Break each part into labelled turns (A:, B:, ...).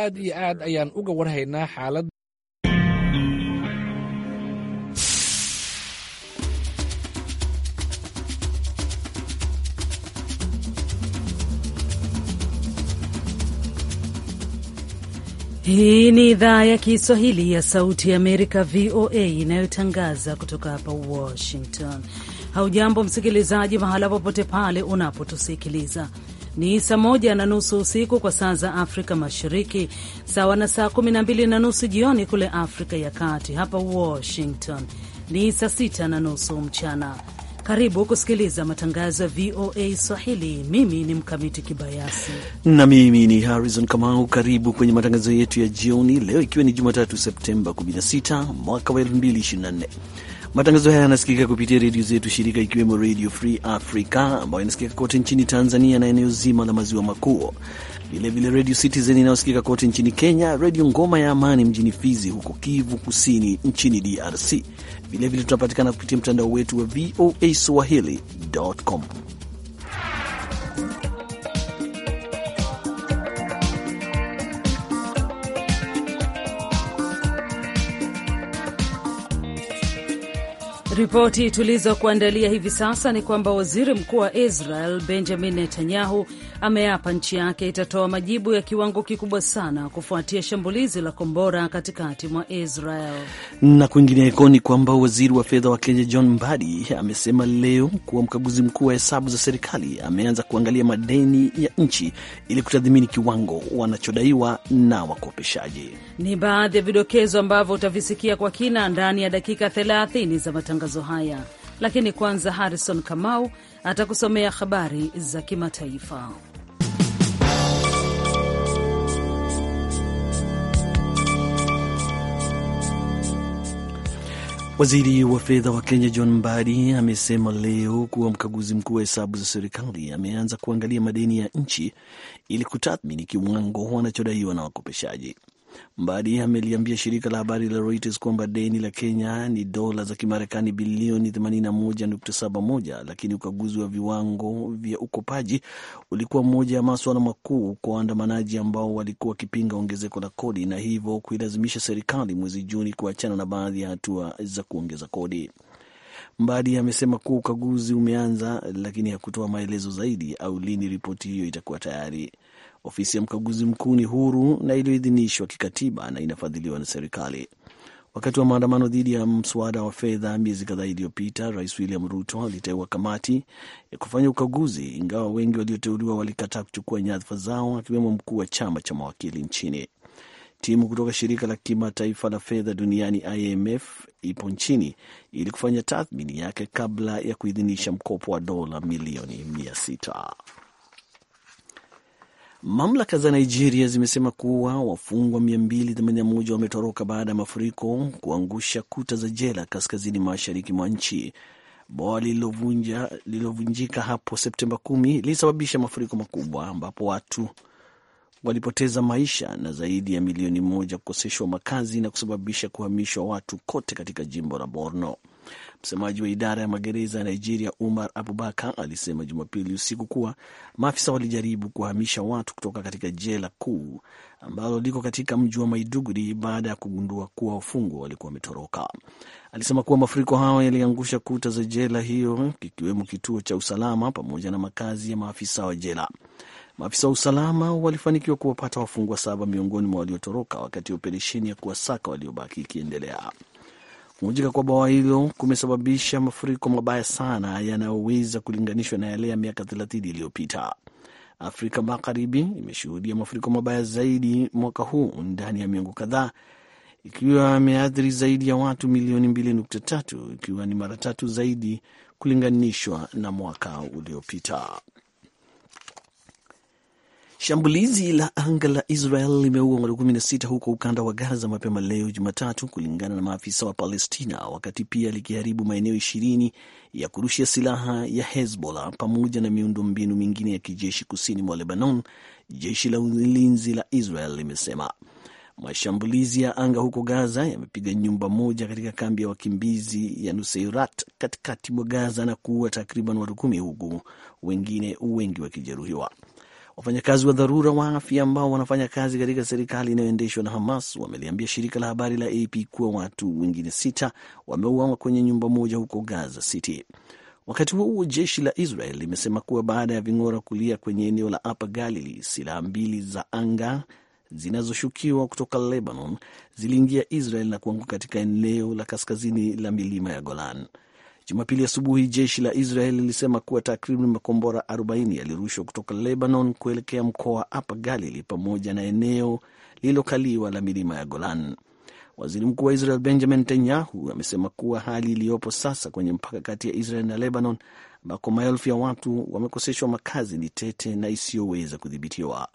A: Aad iyo aad ayaan uga warhaynaa xaalad
B: Hii ni idhaa ya Kiswahili ya Sauti ya Amerika, VOA, inayotangaza kutoka hapa Washington. Haujambo msikilizaji, mahala popote pale unapotusikiliza. Ni saa moja na nusu usiku kwa saa za Afrika Mashariki, sawa na saa kumi na mbili na nusu jioni kule Afrika ya Kati. Hapa Washington ni saa sita na nusu mchana. Karibu kusikiliza matangazo ya VOA Swahili. Mimi ni Mkamiti Kibayasi
C: na mimi ni Harrison Kamau. Karibu kwenye matangazo yetu ya jioni leo, ikiwa ni Jumatatu Septemba 16 mwaka wa 2024 Matangazo haya yanasikika kupitia redio zetu shirika, ikiwemo Radio Free Africa ambayo inasikika kote nchini Tanzania na eneo zima la maziwa makuu, vilevile Radio Citizen inayosikika kote nchini Kenya, Redio Ngoma ya Amani mjini Fizi huko Kivu Kusini nchini DRC. Vilevile tunapatikana kupitia mtandao wetu wa VOA swahili.com.
B: Ripoti tulizokuandalia hivi sasa ni kwamba waziri mkuu wa Israel Benjamin Netanyahu ameapa nchi yake itatoa majibu ya kiwango kikubwa sana kufuatia shambulizi la kombora katikati mwa Israel.
C: Na kwingineko ni kwamba waziri wa fedha wa Kenya John Mbadi amesema leo kuwa mkaguzi mkuu wa hesabu za serikali ameanza kuangalia madeni ya nchi ili kutathimini kiwango wanachodaiwa na wakopeshaji.
B: Ni baadhi ya vidokezo ambavyo utavisikia kwa kina ndani ya dakika 30 za matangazo matangazo haya, lakini kwanza Harrison Kamau atakusomea habari za kimataifa.
C: Waziri wa fedha wa Kenya John Mbadi amesema leo kuwa mkaguzi mkuu wa hesabu za serikali ameanza kuangalia madeni ya nchi ili kutathmini kiwango wanachodaiwa na wakopeshaji. Mbadi ameliambia shirika la habari la Reuters kwamba deni la Kenya ni dola za Kimarekani bilioni 81.71, lakini ukaguzi wa viwango vya ukopaji ulikuwa moja ya maswala makuu kwa waandamanaji ambao walikuwa wakipinga ongezeko la kodi na hivyo kuilazimisha serikali mwezi Juni kuachana na baadhi ya hatua za kuongeza kodi. Mbadi amesema kuwa ukaguzi umeanza, lakini hakutoa maelezo zaidi au lini ripoti hiyo itakuwa tayari. Ofisi ya mkaguzi mkuu ni huru na iliyoidhinishwa kikatiba na inafadhiliwa na serikali. Wakati wa maandamano dhidi ya mswada wa fedha miezi kadhaa iliyopita, Rais William Ruto aliteua kamati ya kufanya ukaguzi, ingawa wengi walioteuliwa walikataa kuchukua nyadhifa zao, akiwemo mkuu wa chama cha mawakili nchini. Timu kutoka shirika la kimataifa la fedha duniani IMF ipo nchini ili kufanya tathmini yake kabla ya kuidhinisha mkopo wa dola milioni mia sita. Mamlaka za Nigeria zimesema kuwa wafungwa 281 wametoroka baada ya mafuriko kuangusha kuta za jela kaskazini mashariki mwa nchi. Boa lililovunjika hapo Septemba 10 lilisababisha mafuriko makubwa ambapo watu walipoteza maisha na zaidi ya milioni moja kukoseshwa makazi na kusababisha kuhamishwa watu kote katika jimbo la Borno. Msemaji wa idara ya magereza ya Nigeria, Umar Abubakar, alisema Jumapili usiku kuwa maafisa walijaribu kuhamisha watu kutoka katika jela kuu ambalo liko katika mji wa Maiduguri baada ya kugundua kuwa wafungwa walikuwa wametoroka. Alisema kuwa mafuriko hayo yaliangusha kuta za jela hiyo, kikiwemo kituo cha usalama pamoja na makazi ya maafisa wa jela. Maafisa wa usalama walifanikiwa kuwapata wafungwa saba miongoni mwa waliotoroka wakati operesheni ya kuwasaka waliobaki ikiendelea. Kuvunjika kwa bwawa hilo kumesababisha mafuriko mabaya sana yanayoweza kulinganishwa na yale ya miaka 30 iliyopita. Afrika Magharibi imeshuhudia mafuriko mabaya zaidi mwaka huu ndani ya miongo kadhaa, ikiwa ameathiri zaidi ya watu milioni 2.3 ikiwa ni mara tatu zaidi kulinganishwa na mwaka uliopita. Shambulizi la anga la Israel limeua watu 16 huko ukanda wa Gaza mapema leo Jumatatu, kulingana na maafisa wa Palestina, wakati pia likiharibu maeneo ishirini ya kurushia silaha ya Hezbollah pamoja na miundo mbinu mingine ya kijeshi kusini mwa Lebanon, jeshi la ulinzi la Israel limesema. Mashambulizi ya anga huko Gaza yamepiga nyumba moja katika kambi ya wakimbizi ya Nuseirat katikati mwa Gaza na kuua takriban watu kumi, huku wengine wengi wakijeruhiwa. Wafanyakazi wa dharura wa afya ambao wanafanya kazi katika serikali inayoendeshwa na Hamas wameliambia shirika la habari la AP kuwa watu wengine sita wameuawa kwenye nyumba moja huko Gaza City. Wakati huo huo, jeshi la Israel limesema kuwa baada ya ving'ora kulia kwenye eneo la Upper Galilee, silaha mbili za anga zinazoshukiwa kutoka Lebanon ziliingia Israel na kuanguka katika eneo la kaskazini la milima ya Golan. Jumapili asubuhi jeshi la Israel lilisema kuwa takriban makombora 40 yalirushwa kutoka Lebanon kuelekea mkoa wa Upper Galilee pamoja na eneo lililokaliwa la milima ya Golan. Waziri mkuu wa Israel Benjamin Netanyahu amesema kuwa hali iliyopo sasa kwenye mpaka kati ya Israel na Lebanon, ambako maelfu ya watu wamekoseshwa makazi, ni tete na isiyoweza kudhibitiwa.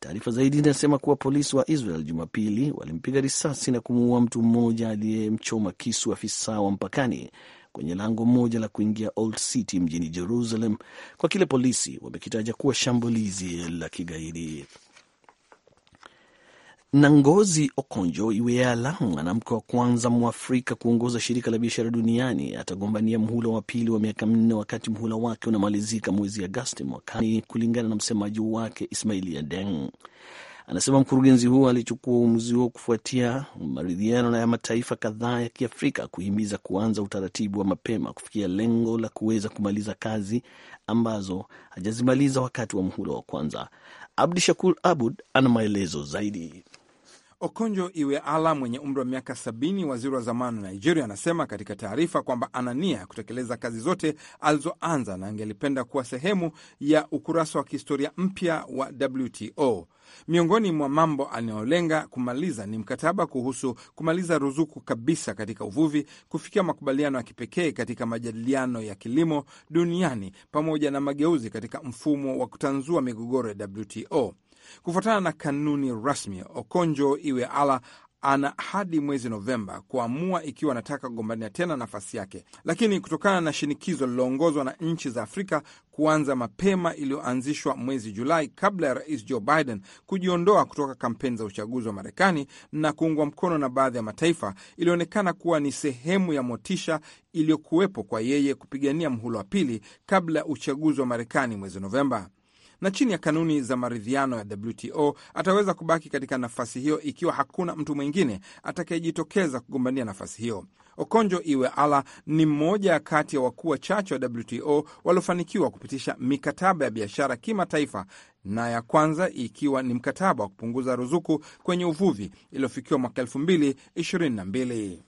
C: Taarifa zaidi inasema kuwa polisi wa Israel Jumapili walimpiga risasi na kumuua mtu mmoja aliyemchoma kisu afisa wa mpakani kwenye lango moja la kuingia Old City mjini Jerusalem kwa kile polisi wamekitaja kuwa shambulizi la kigaidi. na ngozi Okonjo Iweala, mwanamke wa kwanza Mwafrika kuongoza shirika la biashara duniani, atagombania mhula wa pili wa miaka minne wakati mhula wake unamalizika mwezi Agasti mwakani, kulingana na msemaji wake Ismaili Adeng. Anasema mkurugenzi huo alichukua uamuzi huo kufuatia maridhiano na ya mataifa kadhaa ya Kiafrika kuhimiza kuanza utaratibu wa mapema kufikia lengo la kuweza kumaliza kazi ambazo hajazimaliza wakati wa mhula wa kwanza. Abdi Shakur Abud ana maelezo zaidi.
A: Okonjo Iwe Ala mwenye umri wa miaka sabini, waziri wa zamani wa Nigeria, anasema katika taarifa kwamba ana nia ya kutekeleza kazi zote alizoanza na angelipenda kuwa sehemu ya ukurasa wa kihistoria mpya wa WTO. Miongoni mwa mambo anayolenga kumaliza ni mkataba kuhusu kumaliza ruzuku kabisa katika uvuvi, kufikia makubaliano ya kipekee katika majadiliano ya kilimo duniani, pamoja na mageuzi katika mfumo wa kutanzua migogoro ya WTO. Kufuatana na kanuni rasmi, Okonjo Iweala ana hadi mwezi Novemba kuamua ikiwa anataka kugombania tena nafasi yake, lakini kutokana na shinikizo lililoongozwa na nchi za Afrika kuanza mapema iliyoanzishwa mwezi Julai kabla ya rais Joe Biden kujiondoa kutoka kampeni za uchaguzi wa Marekani na kuungwa mkono na baadhi ya mataifa, ilionekana kuwa ni sehemu ya motisha iliyokuwepo kwa yeye kupigania mhula wa pili kabla ya uchaguzi wa Marekani mwezi Novemba na chini ya kanuni za maridhiano ya WTO ataweza kubaki katika nafasi hiyo ikiwa hakuna mtu mwingine atakayejitokeza kugombania nafasi hiyo. Okonjo Iweala ni mmoja kati ya wakuu wachache wa WTO waliofanikiwa kupitisha mikataba ya biashara kimataifa, na ya kwanza ikiwa ni mkataba wa kupunguza ruzuku kwenye uvuvi iliyofikiwa mwaka 2022.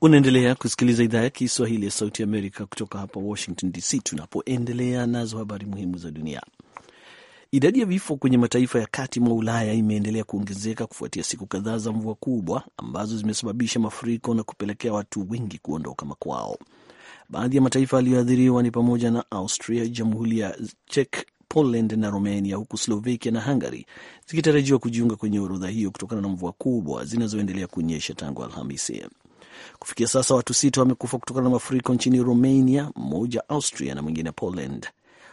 C: Unaendelea kusikiliza idhaa ya Kiswahili ya Sauti Amerika kutoka hapa Washington DC, tunapoendelea nazo habari muhimu za dunia. Idadi ya vifo kwenye mataifa ya kati mwa Ulaya imeendelea kuongezeka kufuatia siku kadhaa za mvua kubwa ambazo zimesababisha mafuriko na kupelekea watu wengi kuondoka makwao. Baadhi ya mataifa yaliyoathiriwa ni pamoja na Austria, Jamhuri ya Czech, Poland na Romania, huku Slovakia na Hungary zikitarajiwa kujiunga kwenye orodha hiyo kutokana na mvua kubwa zinazoendelea kunyesha tangu Alhamisi. Kufikia sasa watu sita wamekufa kutokana na mafuriko nchini Romania, mmoja Austria na mwingine Poland.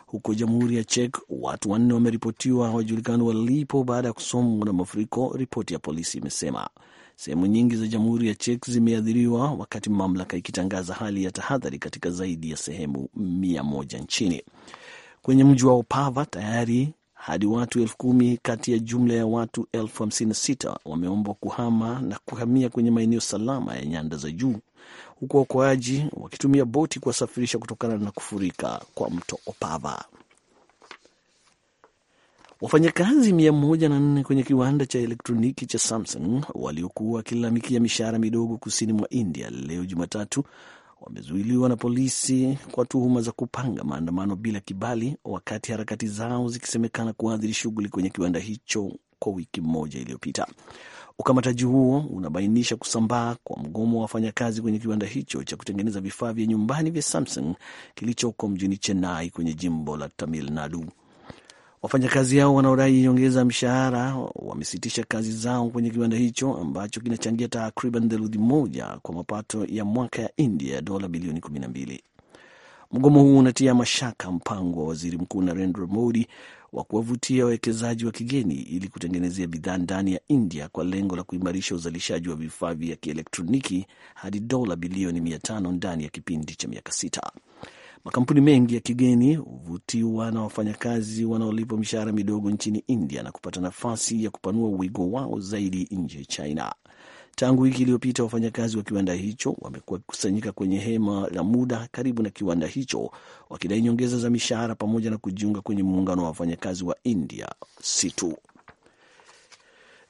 C: Huko Jamhuri ya Czech watu wanne wameripotiwa hawajulikani walipo baada ya kusomwa na mafuriko, ripoti ya polisi imesema. Sehemu nyingi za Jamhuri ya Czech zimeathiriwa, wakati mamlaka ikitangaza hali ya tahadhari katika zaidi ya sehemu mia moja nchini. Kwenye mji wa Opava tayari hadi watu elfu kumi kati ya jumla ya watu elfu hamsini na sita wameombwa kuhama na kuhamia kwenye maeneo salama ya nyanda za juu huku waokoaji wakitumia boti kuwasafirisha kutokana na kufurika kwa mto Opava. Wafanyakazi mia moja na nne kwenye kiwanda cha elektroniki cha Samsung waliokuwa wakilalamikia mishahara midogo kusini mwa India leo Jumatatu wamezuiliwa na polisi kwa tuhuma za kupanga maandamano bila kibali, wakati harakati zao zikisemekana kuathiri shughuli kwenye kiwanda hicho kwa wiki moja iliyopita. Ukamataji huo unabainisha kusambaa kwa mgomo wa wafanyakazi kwenye kiwanda hicho cha kutengeneza vifaa vya nyumbani vya Samsung kilichoko mjini Chennai kwenye jimbo la Tamil Nadu. Wafanyakazi hao wanaodai nyongeza mshahara wamesitisha kazi zao kwenye kiwanda hicho ambacho kinachangia takriban theluthi moja kwa mapato ya mwaka ya India ya dola bilioni kumi na mbili. Mgomo huu unatia mashaka mpango wa waziri mkuu Narendra Modi wa kuwavutia wawekezaji wa kigeni ili kutengenezea bidhaa ndani ya India kwa lengo la kuimarisha uzalishaji wa vifaa vya kielektroniki hadi dola bilioni mia tano ndani ya kipindi cha miaka sita. Makampuni mengi ya kigeni huvutiwa na wafanyakazi wanaolipwa mishahara midogo nchini India na kupata nafasi ya kupanua wigo wao zaidi nje China. Tangu wiki iliyopita, wafanyakazi wa kiwanda hicho wamekuwa wakikusanyika kwenye hema la muda karibu na kiwanda hicho wakidai nyongeza za mishahara pamoja na kujiunga kwenye muungano wa wafanyakazi wa India SITU.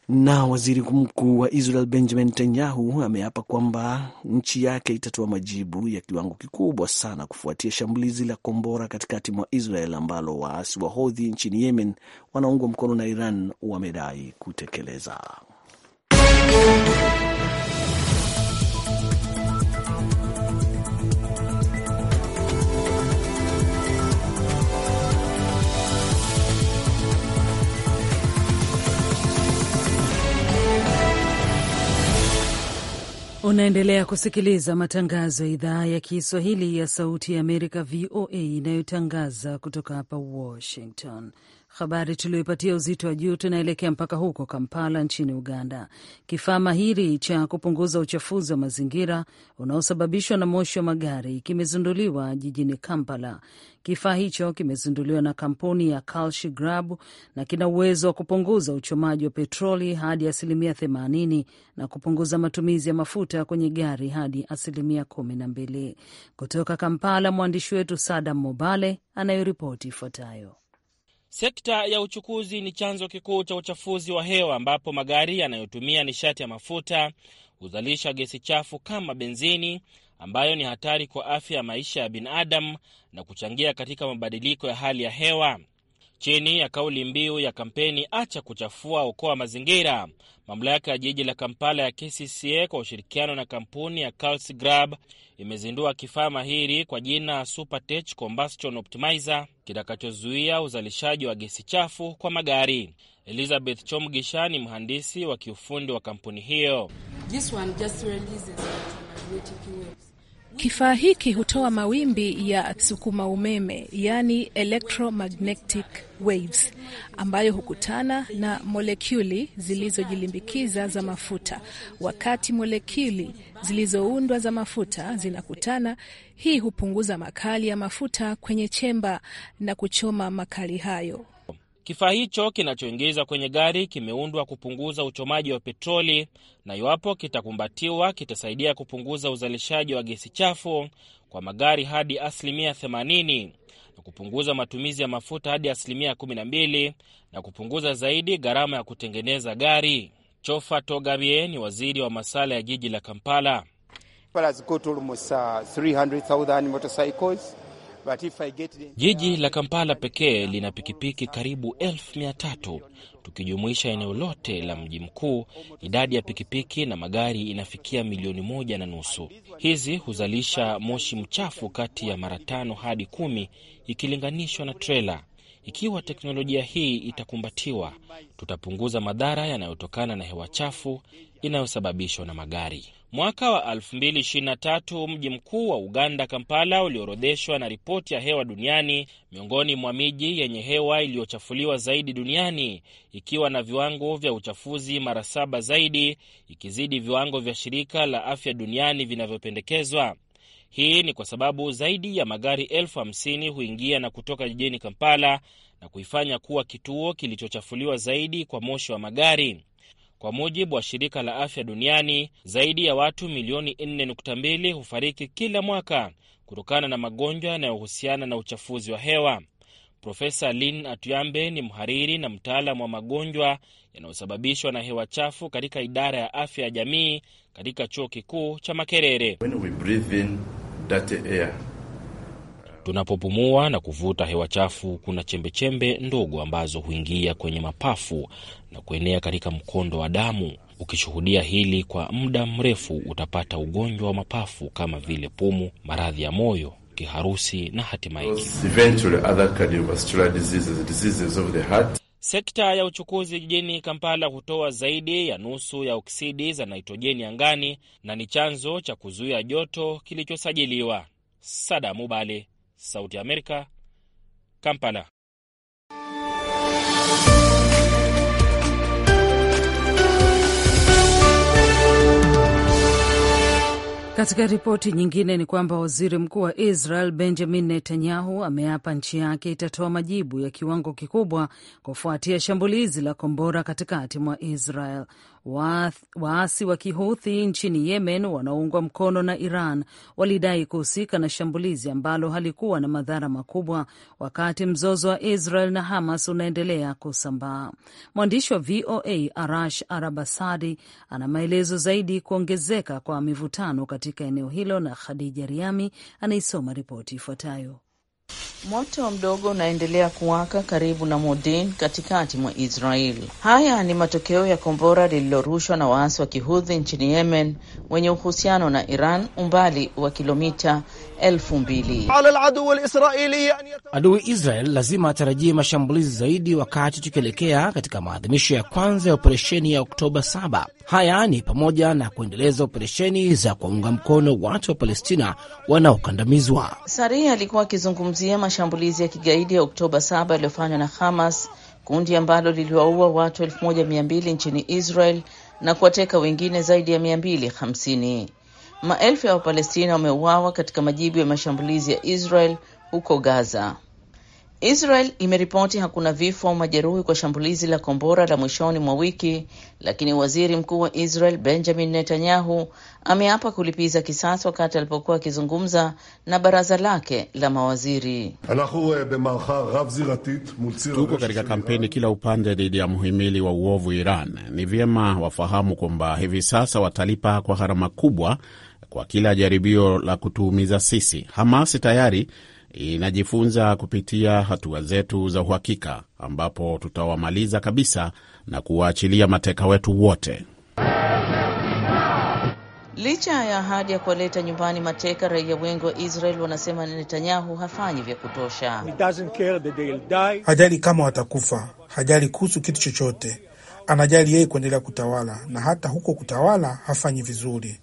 C: Na waziri mkuu wa Israel Benjamin Netanyahu ameapa kwamba nchi yake itatoa majibu ya kiwango kikubwa sana kufuatia shambulizi la kombora katikati mwa Israel ambalo waasi wa Hodhi nchini Yemen wanaungwa mkono na Iran wamedai kutekeleza.
B: Unaendelea kusikiliza matangazo ya idhaa ya Kiswahili ya Sauti ya Amerika, VOA, inayotangaza kutoka hapa Washington. Habari tuliyoipatia uzito wa juu, tunaelekea mpaka huko Kampala nchini Uganda. Kifaa mahiri cha kupunguza uchafuzi wa mazingira unaosababishwa na moshi wa magari kimezinduliwa jijini Kampala. Kifaa hicho kimezinduliwa na kampuni ya Kalshi Grab na kina uwezo wa kupunguza uchomaji wa petroli hadi asilimia 80 na kupunguza matumizi ya mafuta kwenye gari hadi asilimia 12. Kutoka Kampala, mwandishi wetu Sadam Mobale anayoripoti ifuatayo.
D: Sekta ya uchukuzi ni chanzo kikuu cha uchafuzi wa hewa, ambapo magari yanayotumia nishati ya mafuta huzalisha gesi chafu kama benzini, ambayo ni hatari kwa afya ya maisha ya binadamu na kuchangia katika mabadiliko ya hali ya hewa chini ya kauli mbiu ya kampeni acha kuchafua, okoa mazingira. Mamlaka ya jiji la Kampala ya KCCA kwa ushirikiano na kampuni ya Carls Grab imezindua kifaa mahiri kwa jina Supertech Combustion Optimizer kitakachozuia uzalishaji wa gesi chafu kwa magari. Elizabeth Chomgisha ni mhandisi wa kiufundi wa kampuni hiyo.
E: This one just
B: Kifaa hiki hutoa mawimbi ya sukuma umeme, yaani electromagnetic waves, ambayo hukutana na molekuli zilizojilimbikiza za mafuta. Wakati molekuli zilizoundwa za mafuta zinakutana, hii hupunguza makali ya mafuta kwenye chemba na kuchoma makali hayo.
D: Kifaa hicho kinachoingiza kwenye gari kimeundwa kupunguza uchomaji wa petroli, na iwapo kitakumbatiwa kitasaidia kupunguza uzalishaji wa gesi chafu kwa magari hadi asilimia 80 na kupunguza matumizi ya mafuta hadi asilimia 12 na kupunguza zaidi gharama ya kutengeneza gari. Chofa Togabie ni waziri wa masuala ya jiji la Kampala. Well, Jiji la Kampala pekee lina pikipiki karibu elfu mia tatu. Tukijumuisha eneo lote la mji mkuu, idadi ya pikipiki na magari inafikia milioni moja na nusu. Hizi huzalisha moshi mchafu kati ya mara tano hadi kumi ikilinganishwa na trela. Ikiwa teknolojia hii itakumbatiwa, tutapunguza madhara yanayotokana na hewa chafu inayosababishwa na magari. Mwaka wa 2023 mji mkuu wa Uganda, Kampala, uliorodheshwa na ripoti ya hewa duniani miongoni mwa miji yenye hewa iliyochafuliwa zaidi duniani, ikiwa na viwango vya uchafuzi mara saba zaidi, ikizidi viwango vya shirika la afya duniani vinavyopendekezwa. Hii ni kwa sababu zaidi ya magari elfu hamsini huingia na kutoka jijini Kampala na kuifanya kuwa kituo kilichochafuliwa zaidi kwa moshi wa magari. Kwa mujibu wa shirika la afya duniani, zaidi ya watu milioni 4.2 hufariki kila mwaka kutokana na magonjwa yanayohusiana na uchafuzi wa hewa. Profesa Lin atuyambe ni mhariri na mtaalamu wa magonjwa yanayosababishwa na hewa chafu katika idara ya afya ya jamii katika chuo kikuu cha Makerere. When we breathe in dirty air. Tunapopumua na kuvuta hewa chafu, kuna chembechembe ndogo ambazo huingia kwenye mapafu na kuenea katika mkondo wa damu. Ukishuhudia hili kwa muda mrefu, utapata ugonjwa wa mapafu kama vile pumu, maradhi ya moyo, kiharusi na hatimaye Sekta ya uchukuzi jijini Kampala hutoa zaidi ya nusu ya oksidi za naitrojeni angani na ni chanzo cha kuzuia joto kilichosajiliwa. sadamubale Sauti Amerika, Kampala.
B: Katika ripoti nyingine ni kwamba waziri mkuu wa Israel Benjamin Netanyahu ameapa nchi yake itatoa majibu ya kiwango kikubwa kufuatia shambulizi la kombora katikati mwa Israel. Waasi wa Kihuthi nchini Yemen wanaoungwa mkono na Iran walidai kuhusika na shambulizi ambalo halikuwa na madhara makubwa, wakati mzozo wa Israel na Hamas unaendelea kusambaa. Mwandishi wa VOA Arash Arabasadi ana maelezo zaidi kuongezeka kwa mivutano katika eneo hilo, na Khadija Riami anaisoma ripoti ifuatayo.
E: Moto mdogo unaendelea kuwaka karibu na Modin katikati mwa Israel. Haya ni matokeo ya kombora lililorushwa na waasi wa Kihudhi nchini Yemen wenye uhusiano na Iran umbali wa kilomita elfu mbili. Adui Israel lazima
F: atarajie mashambulizi zaidi wakati tukielekea katika maadhimisho ya kwanza ya operesheni ya Oktoba 7. Haya ni pamoja na kuendeleza operesheni za kuwaunga mkono watu wa Palestina wanaokandamizwa.
E: Saria alikuwa akizungumzia mashambulizi ya kigaidi ya Oktoba 7 yaliyofanywa na Hamas, kundi ambalo liliwaua watu 1200 nchini Israel na kuwateka wengine zaidi ya 250. Maelfu ya Wapalestina wameuawa katika majibu ya mashambulizi ya Israel huko Gaza. Israel imeripoti hakuna vifo au majeruhi kwa shambulizi la kombora la mwishoni mwa wiki, lakini waziri mkuu wa Israel Benjamin Netanyahu ameapa kulipiza kisasi wakati alipokuwa akizungumza na baraza lake la mawaziri. E
G: Tuko katika
D: kampeni kila upande dhidi ya mhimili wa uovu Iran. Ni vyema wafahamu kwamba hivi sasa watalipa kwa gharama kubwa kwa kila jaribio la kutuumiza sisi. Hamas tayari inajifunza kupitia hatua zetu za uhakika, ambapo tutawamaliza kabisa na kuwaachilia mateka wetu wote.
E: Licha ya ahadi ya kuwaleta nyumbani mateka raia wengi wa Israel, wanasema Netanyahu hafanyi vya kutosha.
H: Hajali kama watakufa, hajali kuhusu kitu chochote, anajali yeye kuendelea kutawala, na hata huko kutawala hafanyi vizuri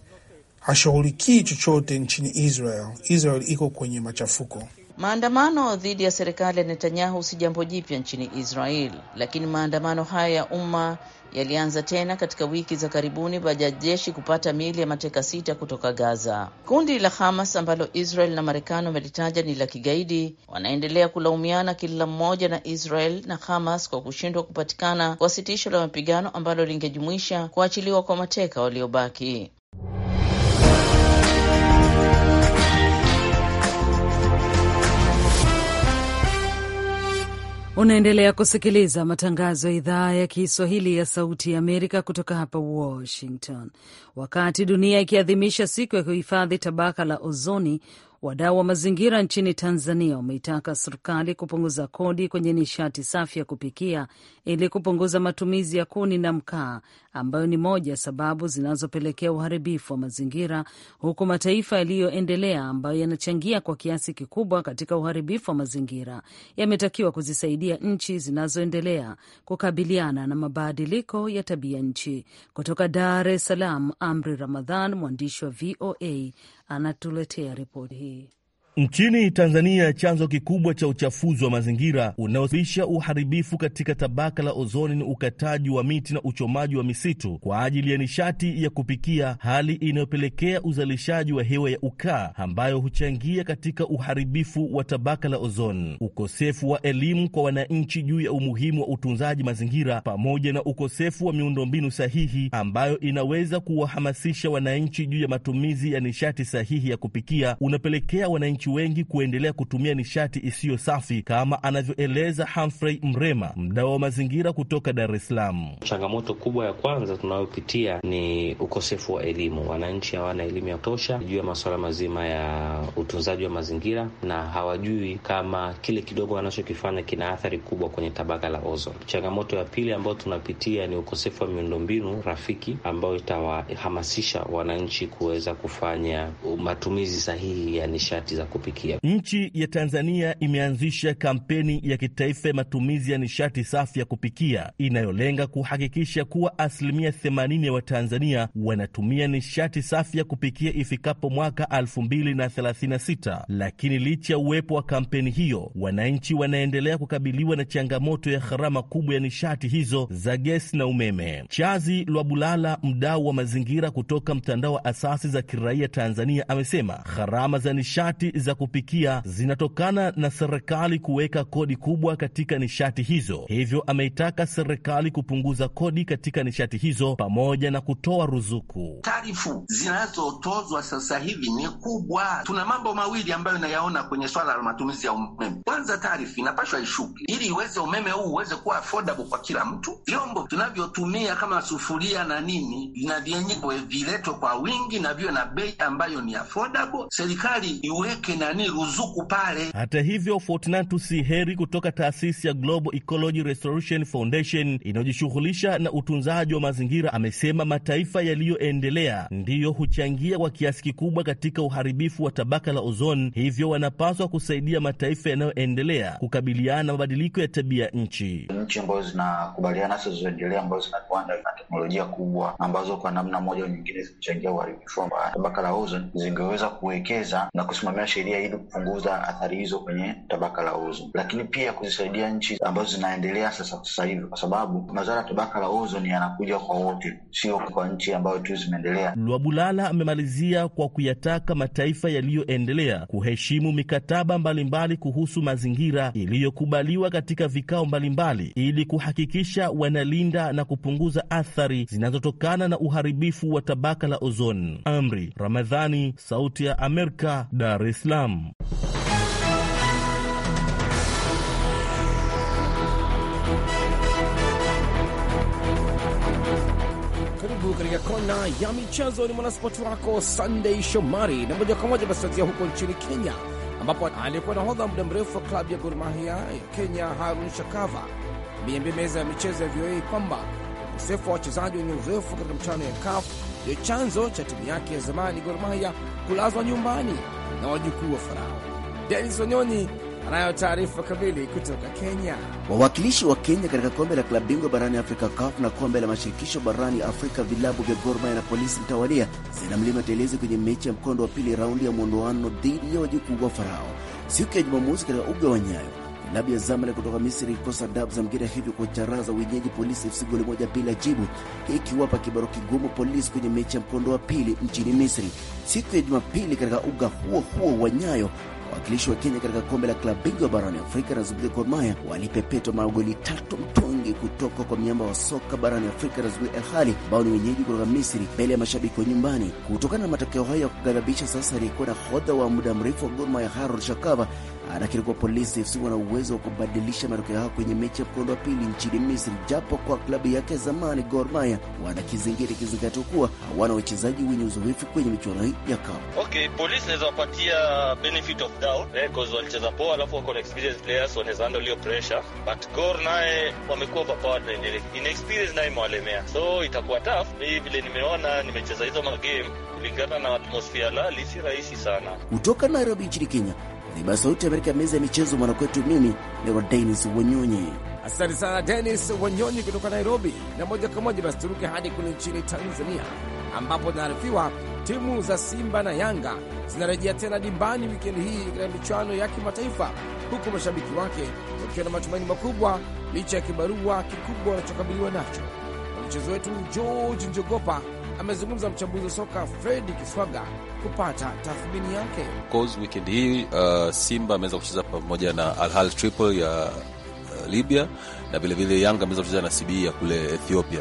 H: hashughulikii chochote nchini Israel. Israel iko kwenye machafuko.
E: Maandamano dhidi ya serikali ya Netanyahu si jambo jipya nchini Israel, lakini maandamano haya ya umma yalianza tena katika wiki za karibuni baada ya jeshi kupata miili ya mateka sita kutoka Gaza. Kundi la Hamas ambalo Israel na Marekani wamelitaja ni la kigaidi, wanaendelea kulaumiana kila mmoja na Israel na Hamas kwa kushindwa kupatikana kwa sitisho la mapigano ambalo lingejumuisha kuachiliwa kwa mateka waliobaki.
B: Unaendelea kusikiliza matangazo ya idhaa ya Kiswahili ya Sauti ya Amerika kutoka hapa Washington. Wakati dunia ikiadhimisha siku ya kuhifadhi tabaka la ozoni, Wadau wa mazingira nchini Tanzania wameitaka serikali kupunguza kodi kwenye nishati safi ya kupikia ili kupunguza matumizi ya kuni na mkaa, ambayo ni moja ya sababu zinazopelekea uharibifu wa mazingira, huku mataifa yaliyoendelea ambayo yanachangia kwa kiasi kikubwa katika uharibifu wa mazingira yametakiwa kuzisaidia nchi zinazoendelea kukabiliana na mabadiliko ya tabia nchi. Kutoka Dar es Salaam, Amri Ramadhan, mwandishi wa VOA anatuletea ripoti hii.
I: Nchini Tanzania, chanzo kikubwa cha uchafuzi wa mazingira unaosababisha uharibifu katika tabaka la ozoni ni ukataji wa miti na uchomaji wa misitu kwa ajili ya nishati ya kupikia, hali inayopelekea uzalishaji wa hewa ya ukaa ambayo huchangia katika uharibifu wa tabaka la ozoni. Ukosefu wa elimu kwa wananchi juu ya umuhimu wa utunzaji mazingira pamoja na ukosefu wa miundombinu sahihi ambayo inaweza kuwahamasisha wananchi juu ya matumizi ya nishati sahihi ya kupikia unapelekea wananchi wananchi wengi kuendelea kutumia nishati isiyo safi, kama anavyoeleza Humphrey Mrema, mdau wa mazingira kutoka Dar es Salaam.
D: Changamoto kubwa ya kwanza tunayopitia ni ukosefu wa elimu. Wananchi hawana elimu ya kutosha juu ya masuala mazima ya utunzaji wa mazingira, na hawajui kama kile kidogo wanachokifanya kina athari kubwa kwenye tabaka la ozo Changamoto ya pili ambayo tunapitia ni ukosefu wa miundombinu rafiki ambayo itawahamasisha wananchi kuweza kufanya matumizi
B: sahihi ya nishati za kupikia.
I: Nchi ya Tanzania imeanzisha kampeni ya kitaifa ya matumizi ya nishati safi ya kupikia inayolenga kuhakikisha kuwa asilimia 80 ya Watanzania wanatumia nishati safi ya kupikia ifikapo mwaka 2036. Lakini licha ya uwepo wa kampeni hiyo, wananchi wanaendelea kukabiliwa na changamoto ya gharama kubwa ya nishati hizo za gesi na umeme. Chazi Lwabulala, mdau wa mazingira kutoka mtandao wa asasi za kiraia Tanzania, amesema gharama za nishati za kupikia zinatokana na serikali kuweka kodi kubwa katika nishati hizo, hivyo ameitaka serikali kupunguza kodi katika nishati hizo pamoja na kutoa ruzuku.
J: Tarifu zinazotozwa sasa hivi ni kubwa.
I: Tuna mambo mawili ambayo nayaona kwenye swala la matumizi ya umeme. Kwanza, tarifu inapashwa ishuke ili iweze umeme huu uweze kuwa affordable kwa kila mtu. Vyombo tunavyotumia kama sufuria na nini na vyenyewe viletwe kwa wingi na viwe na bei ambayo ni affordable. Serikali
K: iweke nani ruzuku pale.
I: Hata hivyo, Fortunatus Heri kutoka taasisi ya Global Ecology Restoration Foundation inayojishughulisha na utunzaji wa mazingira amesema mataifa yaliyoendelea ndiyo huchangia kwa kiasi kikubwa katika uharibifu wa tabaka la ozoni, hivyo wanapaswa kusaidia mataifa yanayoendelea kukabiliana na mabadiliko
J: ya tabia nchi. Nchi ambazo zinakubaliana nazo zilizoendelea, ambazo zina na teknolojia kubwa, ambazo kwa namna moja au nyingine zimechangia uharibifu wa tabaka la ozoni, zingeweza kuwekeza na kusimamia kisheria ili kupunguza athari hizo kwenye tabaka la ozo, lakini pia kuzisaidia nchi ambazo zinaendelea sasa sasa hivi, kwa sababu madhara ya tabaka la ozoni yanakuja kwa wote, sio kwa nchi ambayo tu zimeendelea.
I: Lwabulala amemalizia kwa kuyataka mataifa yaliyoendelea kuheshimu mikataba mbalimbali mbali kuhusu mazingira iliyokubaliwa katika vikao mbalimbali mbali, ili kuhakikisha wanalinda na kupunguza athari zinazotokana na uharibifu wa tabaka la ozon. Amri Ramadhani, Sauti ya Amerika, Dar es Salaam. Kiislamu.
F: Karibu katika kona ya michezo, ni mwanaspoti wako Sunday Shomari na moja kwa moja basi huko nchini Kenya, ambapo aliyekuwa nahodha muda mrefu wa klabu ya Gor Mahia ya Kenya Harun Shakava ameambia meza ya michezo ya VOA kwamba ukosefu wa wachezaji wenye uzoefu katika mchano ya CAF ndio chanzo cha timu yake ya zamani Gor Mahia kulazwa nyumbani na wajukuu wa Farao. Denis Wanyonyi anayo taarifa kamili kutoka Kenya.
J: Wawakilishi wa Kenya katika kombe la klabu bingwa barani Afrika CAF na kombe la mashirikisho barani Afrika, vilabu vya Gor Mahia na Polisi mtawalia zina mlima telezi kwenye mechi ya mkondo wa pili, raundi ya mwondoano dhidi ya wajukuu wa Farao siku ya Jumamosi katika uga wa Nyayo. Nabi Azamale kutoka Misri kosa dabu za mgira hivyo kwa charaza wenyeji Polisi FC goli moja bila jibu, ikiwapa kibaro kigumu Polisi kwenye mechi ya mkondo wa pili nchini Misri siku ya Jumapili katika uga huo huo wa Nyayo. Wakilishi wa Kenya katika kombe la klabu bingwa barani Afrika Razbuli Gor Mahia walipepetwa magoli tatu mtungi kutoka kwa miamba wa soka barani Afrika Razbuli El Ahly ambao ni wenyeji kutoka Misri mbele ya mashabiki wa nyumbani. Kutokana na matokeo hayo ya kugadhabisha, sasa aliyekuwa hodha wa muda mrefu wa Gor Mahia Harold Shakava anakiri ah, kuwa Polisi FC wana uwezo wa kubadilisha matokeo yao kwenye mechi ya mkondo wa pili nchini Misri, japo kwa klabu yake zamani Gor Mahia wana kizingiti, kizingatio kuwa hawana wachezaji wenye uzoefu kwenye michuano hii ya CAF.
K: Okay, Polisi inaweza wapatia
I: benefit of doubt eh, walicheza poa, alafu wako na experienced players, wanaweza handle hiyo pressure, but Gor naye wamekuwa overpowered na inexperience naye imewalemea, so itakuwa tough. Mimi vile nimeona, nimecheza hizo magame kulingana na atmosphere lali, si rahisi sana.
J: Kutoka Nairobi nchini Kenya, Niba Sauti Amerika, meza ya michezo, mwanakwetu mimi ni wa Denis
F: Wanyonyi. Asante sana Denis Wanyonyi kutoka Nairobi. Na moja kwa moja basi turuke hadi kule nchini Tanzania, ambapo inaarifiwa timu za Simba na Yanga zinarejea tena dimbani wikendi hii katika michuano ya kimataifa, huku mashabiki wake wakiwa na matumaini makubwa licha ya kibarua kikubwa wanachokabiliwa nacho. Mchezo wetu George Njogopa amezungumza mchambuzi wa soka Fredi Kiswaga kupata tathmini yake.
K: Wikendi hii uh, Simba ameweza kucheza pamoja na Al Hilal Tripoli ya uh, Libya na vilevile Yanga ameweza kucheza na CBE ya kule Ethiopia.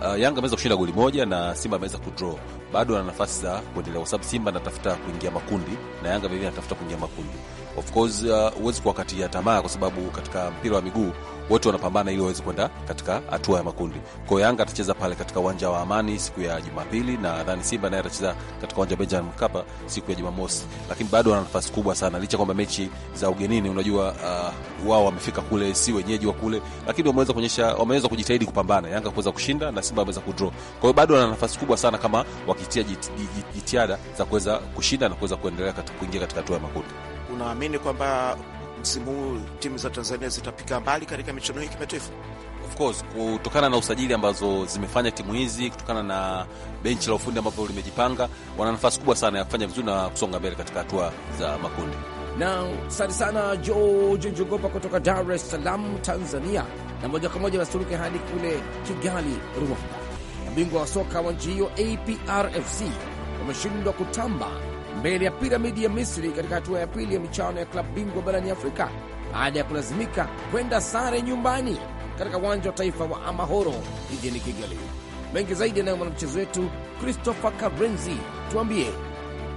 K: Uh, Yanga ameweza kushinda goli moja na Simba ameweza kudraw. Bado ana nafasi za kuendelea, kwa sababu Simba anatafuta kuingia makundi na Yanga vilevile anatafuta kuingia makundi of course uh, huwezi uh, kuwakatia tamaa, kwa sababu katika mpira wa miguu wote wanapambana ili waweze kwenda katika hatua ya makundi. Kwa hiyo Yanga atacheza pale katika uwanja wa Amani siku ya Jumapili, na nadhani Simba naye atacheza katika uwanja wa Benjamin Mkapa siku ya Jumamosi, lakini bado wana nafasi kubwa sana, licha kwamba mechi za ugenini, unajua uh, wao wamefika kule, si wenyeji wa kule, lakini wameweza kuonyesha, wameweza kujitahidi kupambana, Yanga kuweza kushinda na Simba wameweza kudraw. Kwa hiyo bado wana nafasi kubwa sana kama wakitia jitihada za kuweza kushinda na kuweza kuendelea katika kuingia katika hatua ya makundi
J: unaamini kwamba msimu huu timu za Tanzania zitapika mbali katika michuano hii kimataifa?
K: Of course, kutokana na usajili ambazo zimefanya timu hizi, kutokana na benchi la ufundi ambavyo limejipanga, wana nafasi kubwa sana ya kufanya vizuri na kusonga mbele katika hatua za makundi.
F: Na asante sana George Njogopa kutoka Dar es Salaam, Tanzania. Na moja kwa moja basiruke hadi kule Kigali, Rwanda. Mabingwa wa soka wa nchi hiyo APRFC wameshindwa kutamba mbele ya piramidi ya Misri katika hatua ya pili ya michuano ya klabu bingwa barani Afrika baada ya kulazimika kwenda sare nyumbani katika uwanja wa taifa wa Amahoro jijini Kigali. Mengi zaidi anayo mwanamchezo wetu Christopher Kabrenzi. Tuambie,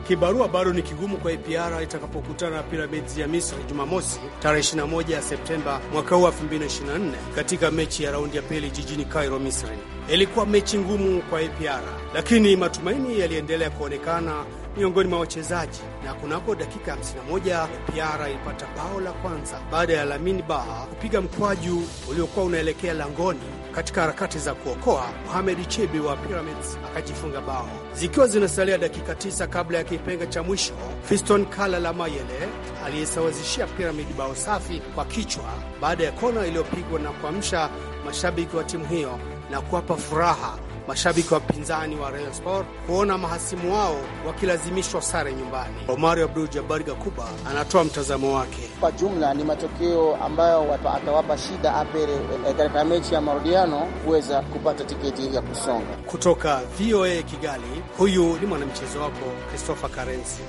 F: kibarua bado ni kigumu kwa
H: APR itakapokutana na Pyramids ya Misri Jumamosi tarehe 21 ya Septemba mwaka huu 2024 katika mechi ya raundi ya pili jijini Cairo, Misri. Ilikuwa mechi ngumu kwa APR, lakini matumaini yaliendelea kuonekana miongoni mwa wachezaji na kunako dakika 51 Piara ilipata bao la kwanza baada ya lamin Baha kupiga mkwaju uliokuwa unaelekea langoni. Katika harakati za kuokoa, Mohamed Chibi wa Pyramids akajifunga bao. Zikiwa zinasalia dakika tisa kabla ya kipenga cha mwisho, Fiston Kala la Mayele aliyesawazishia Pyramid bao safi kwa kichwa baada ya kona iliyopigwa na kuamsha mashabiki wa timu hiyo na kuwapa furaha mashabiki wa pinzani wa Real Sport kuona mahasimu wao wakilazimishwa sare nyumbani. Omari Abdul Jabari Gakuba anatoa mtazamo wake. Kwa jumla ni matokeo ambayo atawapa
J: shida Apere e, eh, katika mechi ya marudiano kuweza kupata tiketi ya kusonga.
H: Kutoka VOA Kigali, huyu ni mwanamchezo wako Christopher karensi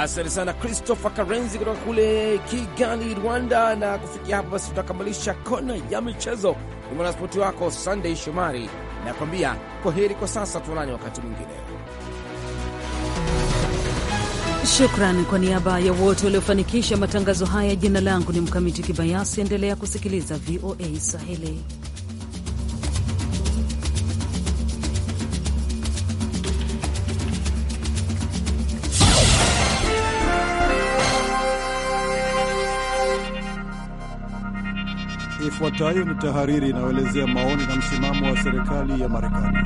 F: Asante sana Christopher Karenzi kutoka kule Kigali, Rwanda. Na kufikia hapo basi, tutakamilisha kona ya michezo. Ni mwanaspoti wako Sunday Shomari nakwambia kwa heri kwa sasa, tuonane wakati mwingine.
B: Shukran kwa niaba ya wote waliofanikisha matangazo haya. Jina langu ni Mkamiti Kibayasi. Endelea kusikiliza VOA Swahili.
G: Ifuatayo ni tahariri inayoelezea maoni na msimamo wa serikali ya Marekani.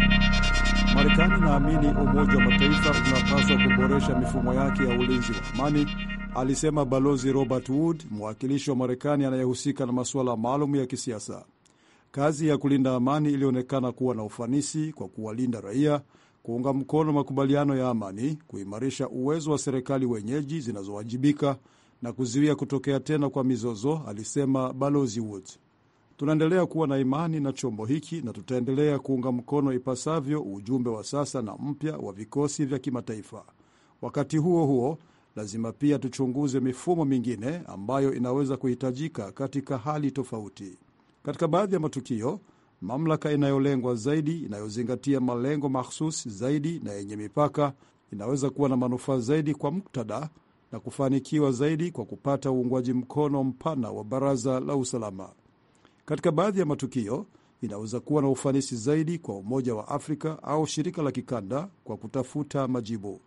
G: Marekani inaamini Umoja wa Mataifa unapaswa kuboresha mifumo yake ya ulinzi wa amani, alisema Balozi Robert Wood, mwakilishi wa Marekani anayehusika na masuala maalum ya kisiasa. Kazi ya kulinda amani ilionekana kuwa na ufanisi kwa kuwalinda raia, kuunga mkono makubaliano ya amani, kuimarisha uwezo wa serikali wenyeji zinazowajibika na kuzuia kutokea tena kwa mizozo, alisema Balozi Woods. Tunaendelea kuwa na imani na chombo hiki na tutaendelea kuunga mkono ipasavyo ujumbe wa sasa na mpya wa vikosi vya kimataifa. Wakati huo huo, lazima pia tuchunguze mifumo mingine ambayo inaweza kuhitajika katika hali tofauti. Katika baadhi ya matukio, mamlaka inayolengwa zaidi, inayozingatia malengo mahsusi zaidi na yenye mipaka, inaweza kuwa na manufaa zaidi kwa muktadha na kufanikiwa zaidi kwa kupata uungwaji mkono mpana wa Baraza la Usalama. Katika baadhi ya matukio inaweza kuwa na ufanisi zaidi kwa Umoja wa Afrika au shirika la kikanda kwa kutafuta majibu.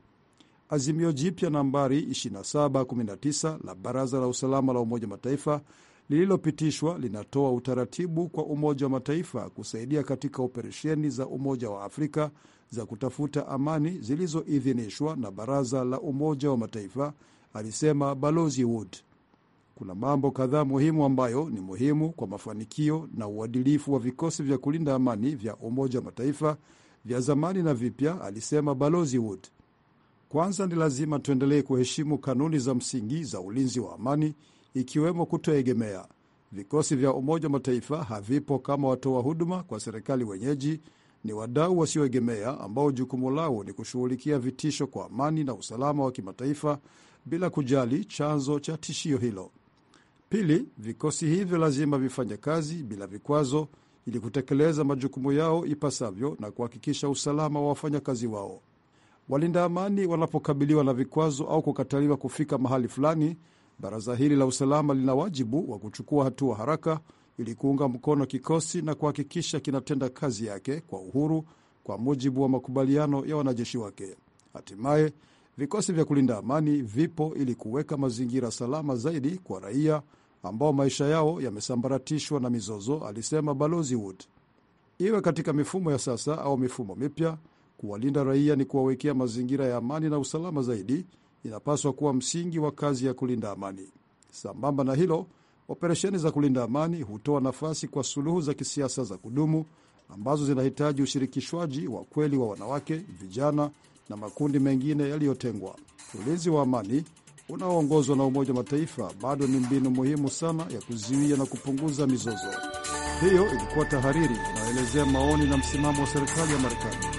G: Azimio jipya nambari 2719 la Baraza la Usalama la Umoja Mataifa lililopitishwa linatoa utaratibu kwa Umoja wa Mataifa kusaidia katika operesheni za Umoja wa Afrika za kutafuta amani zilizoidhinishwa na Baraza la Umoja wa Mataifa, alisema Balozi Wood kuna mambo kadhaa muhimu ambayo ni muhimu kwa mafanikio na uadilifu wa vikosi vya kulinda amani vya Umoja wa Mataifa vya zamani na vipya, alisema Balozi Wood. Kwanza ni lazima tuendelee kuheshimu kanuni za msingi za ulinzi wa amani, ikiwemo kutoegemea. Vikosi vya Umoja wa Mataifa havipo kama watoa huduma kwa serikali wenyeji, ni wadau wasioegemea ambao jukumu lao ni kushughulikia vitisho kwa amani na usalama wa kimataifa bila kujali chanzo cha tishio hilo. Pili, vikosi hivyo lazima vifanye kazi bila vikwazo ili kutekeleza majukumu yao ipasavyo na kuhakikisha usalama wa wafanyakazi wao. Walinda amani wanapokabiliwa na vikwazo au kukataliwa kufika mahali fulani, baraza hili la usalama lina wajibu wa kuchukua hatua haraka ili kuunga mkono kikosi na kuhakikisha kinatenda kazi yake kwa uhuru kwa mujibu wa makubaliano ya wanajeshi wake. Hatimaye, vikosi vya kulinda amani vipo ili kuweka mazingira salama zaidi kwa raia ambao maisha yao yamesambaratishwa na mizozo, alisema Balozi Wood. Iwe katika mifumo ya sasa au mifumo mipya, kuwalinda raia ni kuwawekea mazingira ya amani na usalama zaidi, inapaswa kuwa msingi wa kazi ya kulinda amani. Sambamba na hilo, operesheni za kulinda amani hutoa nafasi kwa suluhu za kisiasa za kudumu ambazo zinahitaji ushirikishwaji wa kweli wa wanawake, vijana na makundi mengine yaliyotengwa. Ulinzi wa amani unaoongozwa na Umoja wa Mataifa bado ni mbinu muhimu sana ya kuzuia na kupunguza mizozo. Hiyo ilikuwa tahariri inayoelezea maoni na msimamo wa serikali ya Marekani.